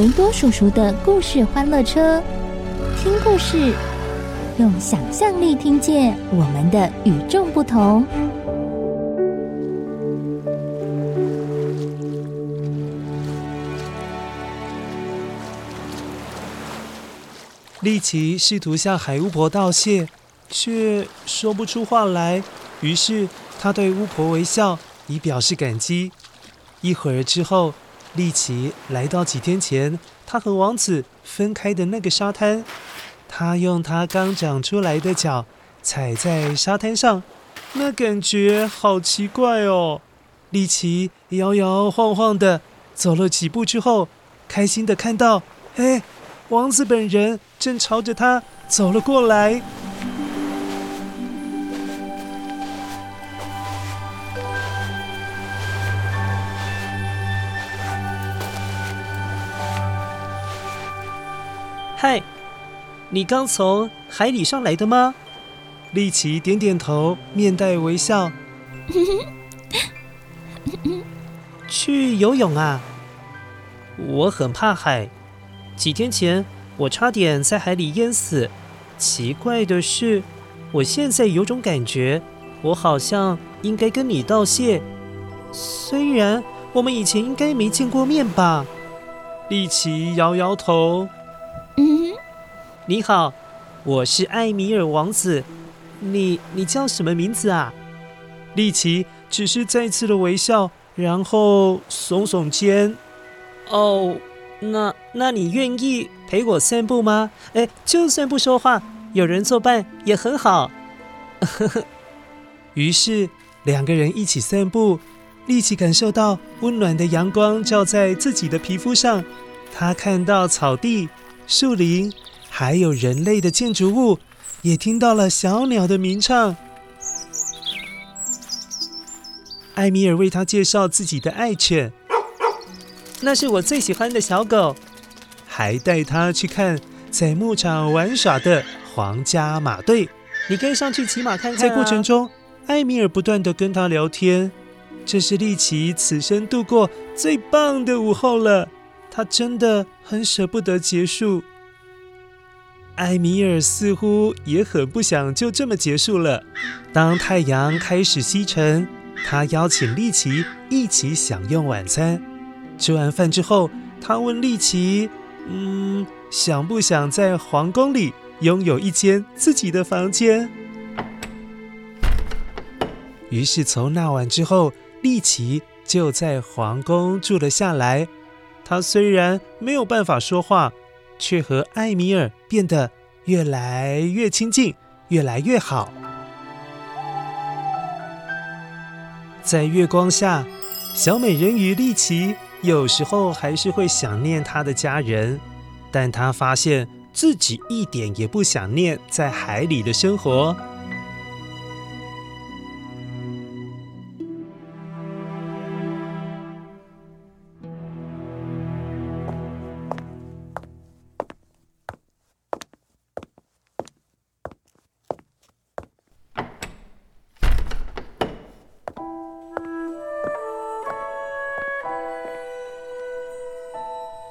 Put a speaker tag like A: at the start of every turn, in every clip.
A: 維多叔叔的故事《歡樂車》，聽故事，用想象力聽見我們的與眾不同。麗奇試圖向海巫婆道謝，卻說不出話來，於是他對巫婆微笑以表示感激。一會兒之後。麗奇來到幾天前她和王子分開的那個沙灘，她用她剛長出來的腳踩在沙灘上，那感覺好奇怪哦。麗奇搖搖晃晃的走了幾步之後，開心的看到，哎、欸，王子本人正朝着她走了過來。嗨，Hi，你剛從海裡上來的嗎？麗奇點點頭，面帶微笑。 去游泳啊？我很怕海。幾天前我差點在海裡淹死。奇怪的是，我現在有種感覺，我好像應該跟你道謝。雖然我們以前應該沒見過面吧？麗奇搖搖頭。你好，我是艾米爾王子。你你叫什麼名字啊？麗奇只是再次的微笑，然後聳聳肩。哦，那那你願意陪我散步嗎？誒，就算不說話，有人作伴也很好。呵呵。於是兩個人一起散步。麗奇感受到溫暖的陽光照在自己的皮膚上，她看到草地、樹林。還有人類的建築物，也聽到了小鳥的鳴唱。艾米爾為他介紹自己的愛犬，那是我最喜歡的小狗，還帶他去看在牧場玩耍的皇家馬隊。你可以上去騎馬看看。在過程中，啊、艾米爾不斷的跟他聊天。這是麗奇此生度過最棒的午後了，他真的很舍不得結束。艾米爾似乎也很不想就這麼結束了。當太陽開始西沉，他邀請麗奇一起享用晚餐。吃完飯之後，他問麗奇：“嗯，想不想在皇宮裡擁有一間自己的房間？”於是從那晚之後，麗奇就在皇宮住了下來。她雖然沒有辦法說話，卻和艾米爾變得越來越親近，越來越好。在月光下，小美人魚麗奇有時候還是會想念她的家人，但她發現自己一點也不想念在海裡的生活。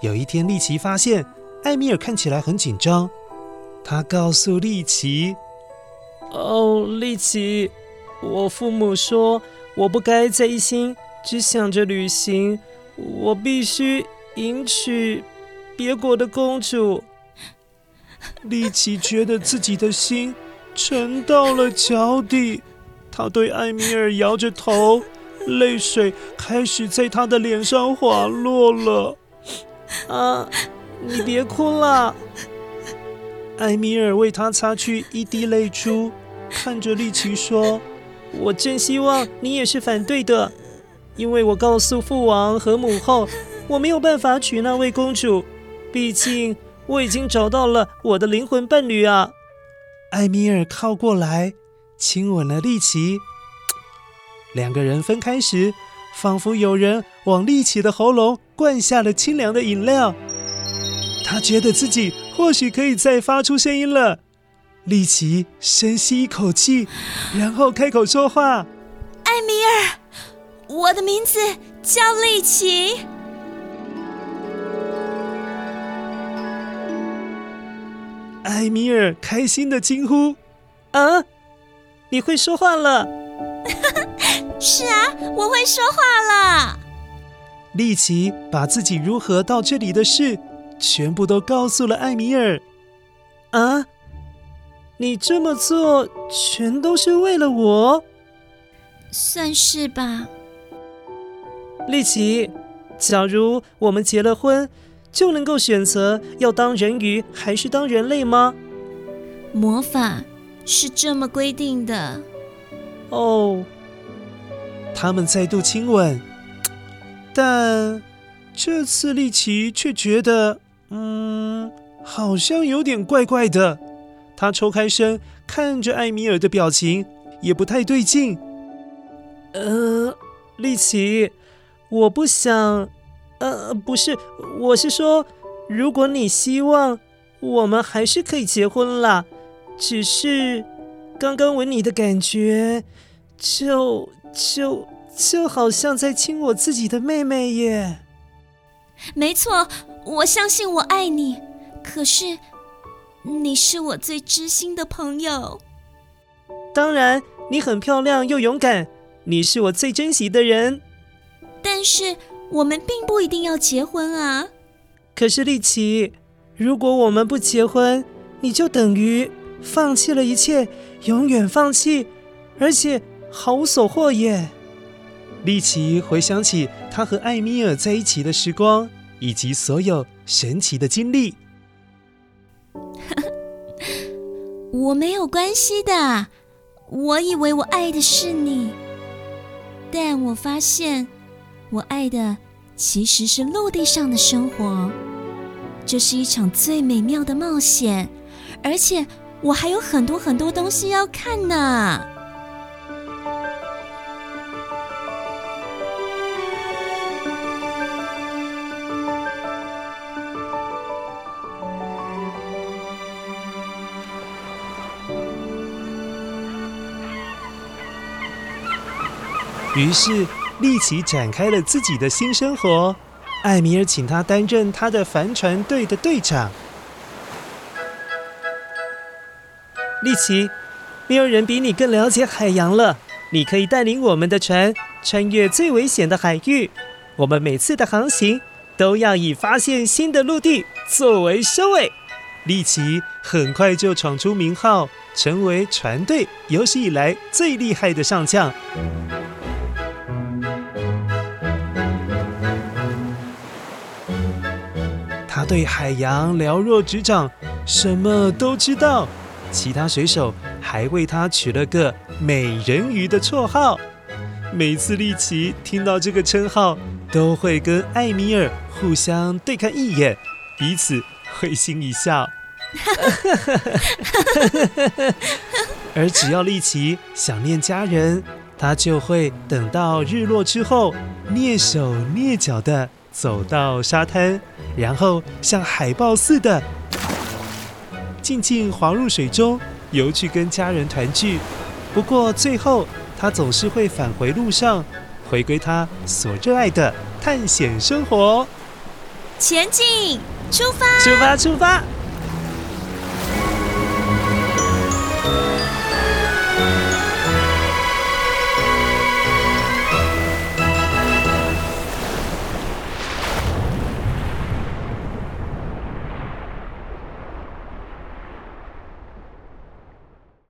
A: 有一天，麗奇發現艾米爾看起來很緊張。他告訴麗奇：“哦，麗奇，我父母說我不該再一心只想着旅行，我必須迎娶別國的公主。”麗奇覺得自己的心沉到了腳底。她對艾米爾搖着頭，淚水開始在她的臉上滑落了。啊！你別哭了。艾米爾為他擦去一滴淚珠，看着麗奇說：“我真希望你也是反對的，因為我告訴父王和母後，我沒有辦法娶那位公主。畢竟我已經找到了我的靈魂伴侶啊。”艾米爾靠過來親吻了麗奇。兩個人分開時，仿佛有人往麗奇的喉嚨灌下了清涼的飲料，她覺得自己或許可以再發出聲音了。麗奇深吸一口氣，然後開口說話：“艾米爾，我的名字叫麗奇。”艾米爾開心地驚呼：“啊，你會說話了！”是啊，我會說話了。麗奇把自己如何到這裡的事，全部都告訴了艾米爾。啊，你這麼做全都是為了我？算是吧。麗奇，假如我們結了婚，就能夠選擇要當人魚還是當人類嗎？魔法是這麼規定的。哦。他們再度親吻，但這次麗奇卻覺得，嗯，好像有點怪怪的。他抽開身，看着艾米爾的表情，也不太對勁。嗯、呃，麗奇，我不想，呃，不是，我是說，如果你希望，我們還是可以結婚啦。只是，剛剛吻你的感覺。就就就好像在親我自己的妹妹耶。沒錯，我相信我愛你。可是，你是我最知心的朋友。當然，你很漂亮又勇敢，你是我最珍惜的人。但是，我們並不一定要結婚啊。可是，麗奇，如果我們不結婚，你就等於放棄了一切，永遠放棄，而且。毫無所獲耶。麗奇回想起她和艾米爾在一起的時光，以及所有神奇的經歷。 我沒有關係的，我以為我愛的是你，但我發現我愛的其實是陸地上的生活。這是一場最美妙的冒險，而且我還有很多很多東西要看呢。於是，麗奇展開了自己的新生活。艾米爾請他擔任他的帆船隊的隊長。麗奇，沒有人比你更了解海洋了。你可以帶領我們的船穿越最危險的海域。我們每次的航行都要以發現新的陸地作為收尾。麗奇很快就闖出名號，成為船隊有史以來最厲害的上將。對海洋瞭若指掌，什麼都知道。其他水手還為他取了個“美人魚”的綽號。每次麗奇聽到這個稱號，都會跟艾米爾互相對看一眼，彼此會心一笑。 而只要麗奇想念家人，他就會等到日落之後，躡手躡腳的。走到沙灘，然後像海豹似的，靜靜滑入水中，游去跟家人團聚。不過最後，她總是會返回陸上，回歸她所熱愛的探險生活。前進，出發，出發，出發。